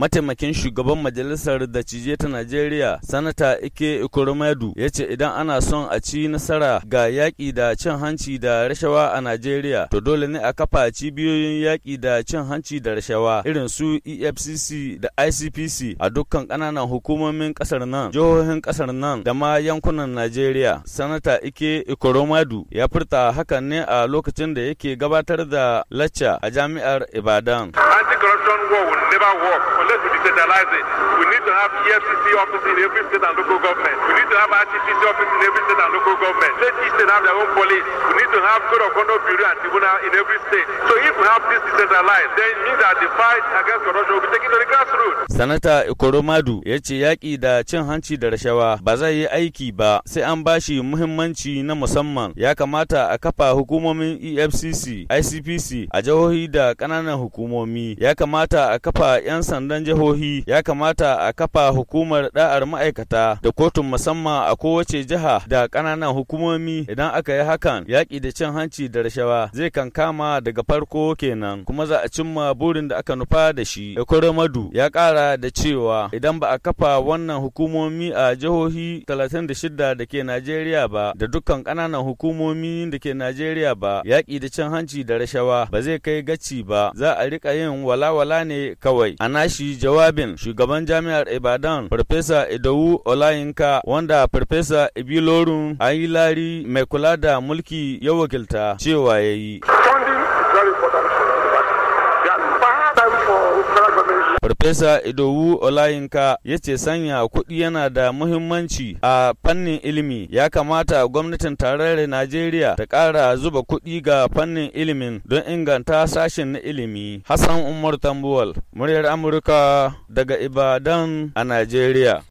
mataimakin shugaban majalisar cije ta najeriya sanata ike ikurumadu ya ce idan ana son a ci nasara ga yaƙi da cin hanci da rashawa a najeriya to dole ne a kafa cibiyoyin yaƙi da cin hanci da rashawa irin su efcc da icpc a dukkan ƙananan hukumomin ƙasar nan jihohin ƙasar nan da ma yankunan najeriya sanata ike ikurumadu ya furta hakan ne a lokacin da yake gabatar da lacca a jami'ar ibadan. corruption war will never work unless we decentralize it. We need to have EFCC office in every state and local government. We need to have RTPC office in every state and local government. Let each state have their own police. We need to have code of conduct bureau and tribunal in every state. So if we have this decentralized, then it means that the fight against corruption will be taken Sanata Ikoromadu ya ce yaƙi da cin hanci da rashawa ba zai yi aiki ba sai an bashi muhimmanci na musamman ya kamata a kafa hukumomin EFCC, ICPC a jihohi da ƙananan hukumomi ya kamata a kafa 'yan sandan jihohi ya kamata a kafa hukumar da'ar ma'aikata da kotun musamman a kowace jiha da ƙananan hukumomi idan aka yi hakan yaƙi da cin hanci da rashawa zai kankama daga farko kenan kuma za a cimma burin da aka nufa da shi. Ikoromadu ya ƙara da cewa idan ba a kafa wannan hukumomi a jihohi 36 da ke Najeriya ba da dukkan ƙananan hukumomi da ke Najeriya ba yaƙi da cin hanci da rashawa ba zai kai gaci ba za a rika yin walawala ne kawai. A nashi jawabin shugaban jami'ar Ibadan Farfesa Idowu Olayinka wanda Farfesa Ibilorun Ayilari mai kula da mulki ya wakilta cewa ya yi. Farfesa Idowu Olayinka ya ce sanya kuɗi yana da muhimmanci a fannin ilimi. Ya kamata gwamnatin tarayyar Najeriya ta ƙara zuba kuɗi ga fannin ilimin don inganta sashen na ilimi. Hassan Umar Tambuwal, muryar Amurka daga Ibadan a Najeriya.